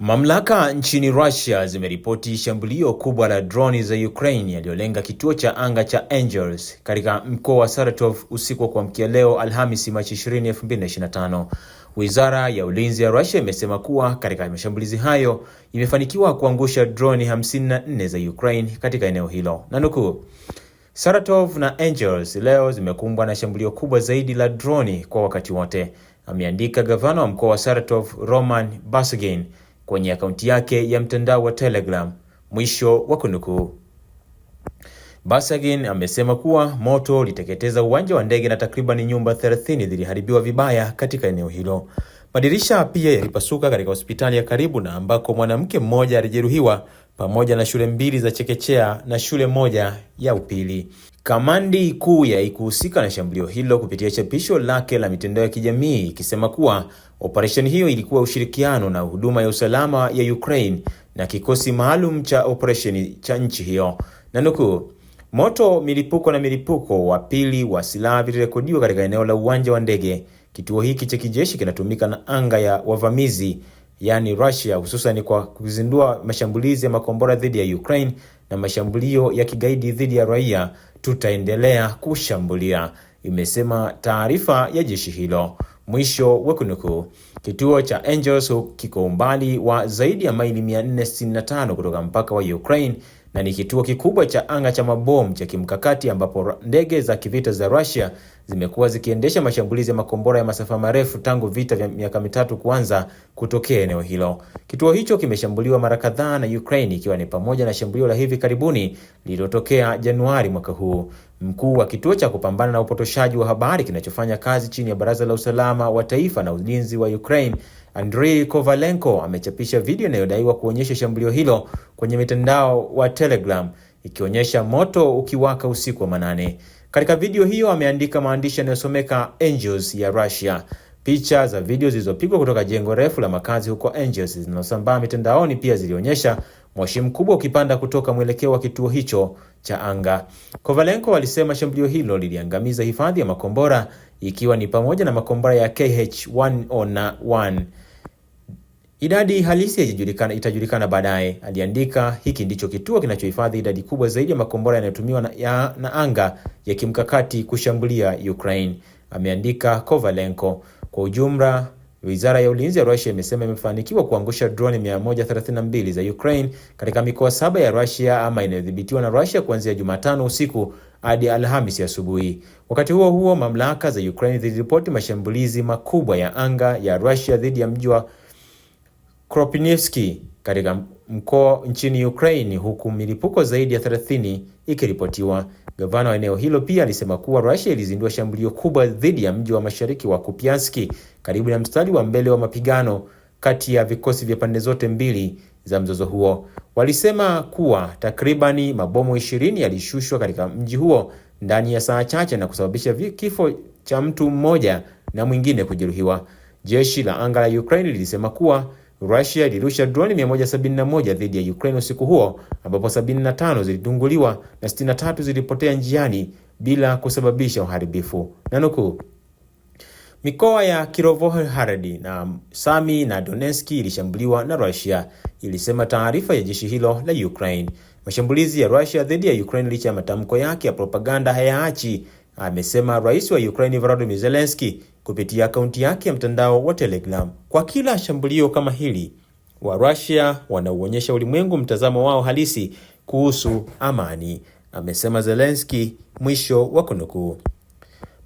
Mamlaka nchini Russia zimeripoti shambulio kubwa la droni za Ukraine yaliyolenga kituo cha anga cha Angeles katika mkoa wa Saratov usiku wa kuamkia leo Alhamisi, Machi 20, 2025. Wizara ya Ulinzi ya Russia imesema kuwa katika mashambulizi hayo imefanikiwa kuangusha droni 54 za Ukraine katika eneo hilo. Nanukuu, Saratov na angels leo zimekumbwa na shambulio kubwa zaidi la droni kwa wakati wote, ameandika gavana wa mkoa wa Saratov, Roman Basygin kwenye akaunti yake ya mtandao wa Telegram, mwisho wa kunukuu. Basagin amesema kuwa moto uliteketeza uwanja wa ndege na takriban nyumba 30 ziliharibiwa vibaya katika eneo hilo. Madirisha pia yalipasuka katika hospitali ya karibu na ambako mwanamke mmoja alijeruhiwa pamoja na shule mbili za chekechea na shule moja ya upili. Kamandi kuu ya haikuhusika na shambulio hilo kupitia chapisho lake la mitandao ya kijamii ikisema kuwa operesheni hiyo ilikuwa ushirikiano na huduma ya usalama ya Ukraine na kikosi maalum cha operesheni cha nchi hiyo. Na nukuu, moto, milipuko na milipuko wa pili wa silaha vilirekodiwa katika eneo la uwanja wa ndege. Kituo hiki cha kijeshi kinatumika na anga ya wavamizi yaani Russia, hususan kwa kuzindua mashambulizi ya makombora dhidi ya Ukraine na mashambulio ya kigaidi dhidi ya raia, tutaendelea kushambulia, imesema taarifa ya jeshi hilo. Mwisho wa kunukuu. Kituo cha Angels kiko umbali wa zaidi ya maili 465 kutoka mpaka wa Ukraine na ni kituo kikubwa cha anga cha mabomu cha kimkakati ambapo ndege za kivita za Russia zimekuwa zikiendesha mashambulizi ya makombora ya masafa marefu tangu vita vya miaka mitatu kuanza kutokea eneo hilo. Kituo hicho kimeshambuliwa mara kadhaa na Ukraine ikiwa ni pamoja na shambulio la hivi karibuni lililotokea Januari mwaka huu. Mkuu wa kituo cha kupambana na upotoshaji wa habari kinachofanya kazi chini ya Baraza la Usalama wa Taifa na Ulinzi wa Ukraine, Andrei Kovalenko amechapisha video inayodaiwa kuonyesha shambulio hilo kwenye mitandao wa Telegram ikionyesha moto ukiwaka usiku wa manane. Katika video hiyo ameandika maandishi yanayosomeka Angels ya Russia. Picha za video zilizopigwa kutoka jengo refu la makazi huko Angels zinazosambaa mitandaoni pia zilionyesha moshi mkubwa ukipanda kutoka mwelekeo wa kituo hicho cha anga. Kovalenko alisema shambulio hilo liliangamiza hifadhi ya makombora ikiwa ni pamoja na makombora ya KH-101 Idadi halisi haijulikana, itajulikana baadaye, aliandika. Hiki ndicho kituo kinachohifadhi idadi kubwa zaidi ya makombora yanayotumiwa na, ya, na anga ya kimkakati kushambulia Ukraine, ameandika Kovalenko. Kwa ujumla, Wizara ya Ulinzi ya Russia imesema imefanikiwa kuangusha droni 132 za Ukraine katika mikoa saba ya Russia ama inayodhibitiwa na Russia kuanzia Jumatano usiku hadi Alhamisi asubuhi. Wakati huo huo, mamlaka za Ukraine ziliripoti mashambulizi makubwa ya anga ya Russia dhidi ya mji wa Kropinivski katika mkoa nchini Ukraine, huku milipuko zaidi ya 30 ikiripotiwa. Gavana wa eneo hilo pia alisema kuwa Russia ilizindua shambulio kubwa dhidi ya mji wa mashariki wa Kupiansk, karibu na mstari wa mbele wa mapigano kati ya vikosi vya pande zote mbili za mzozo huo. Walisema kuwa takribani mabomu 20 yalishushwa katika mji huo ndani ya saa chache na kusababisha kifo cha mtu mmoja na mwingine kujeruhiwa. Jeshi la anga la Ukraine lilisema kuwa Russia ilirusha droni 171 dhidi ya Ukraine usiku huo ambapo 75 zilitunguliwa na 63 zilipotea njiani bila kusababisha uharibifu. Nanukuu, mikoa ya Kirovohrad na Sami na Donetsk ilishambuliwa na Russia, ilisema taarifa ya jeshi hilo la Ukraine. Mashambulizi ya Russia dhidi ya Ukraine, licha ya matamko yake ya propaganda, hayaachi amesema rais wa Ukraine Volodymyr Zelensky kupitia akaunti yake ya mtandao wa Telegram. Kwa kila shambulio kama hili, wa Russia wanauonyesha ulimwengu mtazamo wao halisi kuhusu amani, amesema Zelensky, mwisho wa kunukuu.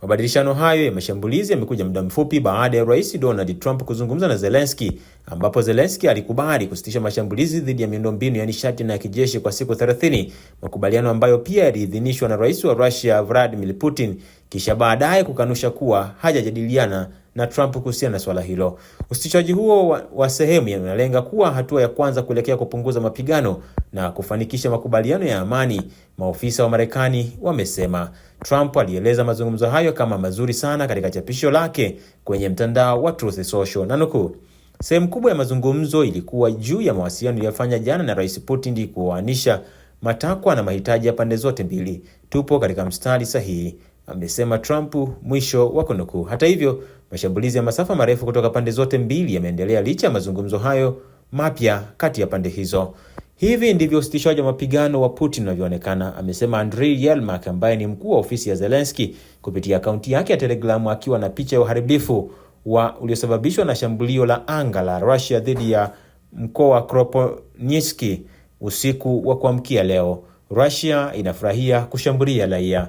Mabadilishano hayo ya mashambulizi yamekuja muda mfupi baada ya Rais Donald Trump kuzungumza na Zelensky, ambapo Zelensky alikubali kusitisha mashambulizi dhidi ya miundombinu ya nishati na ya kijeshi kwa siku 30, makubaliano ambayo pia yaliidhinishwa na Rais wa Russia Vladimir Putin, kisha baadaye kukanusha kuwa hajajadiliana na Trump kuhusiana na swala hilo. Usitishaji huo wa, wa sehemu unalenga kuwa hatua ya kwanza kuelekea kupunguza mapigano na kufanikisha makubaliano ya amani, maofisa wa Marekani wamesema. Trump alieleza mazungumzo hayo kama mazuri sana katika chapisho lake kwenye mtandao wa Truth Social na nukuu, sehemu kubwa ya mazungumzo ilikuwa juu ya mawasiliano iliyofanya jana na Rais Putin kuoanisha matakwa na mahitaji ya pande zote mbili. Tupo katika mstari sahihi amesema Trump, mwisho wa kunukuu. Hata hivyo, mashambulizi ya masafa marefu kutoka pande zote mbili yameendelea licha ya mazungumzo hayo mapya kati ya pande hizo. Hivi ndivyo usitishaji wa mapigano wa Putin unavyoonekana, amesema Andrei Yermak ambaye ni mkuu wa ofisi ya Zelensky kupitia akaunti yake ya Telegramu, akiwa na picha ya uharibifu wa uliosababishwa na shambulio la anga la Russia dhidi ya mkoa Kroponiski usiku wa kuamkia leo. Russia inafurahia kushambulia raia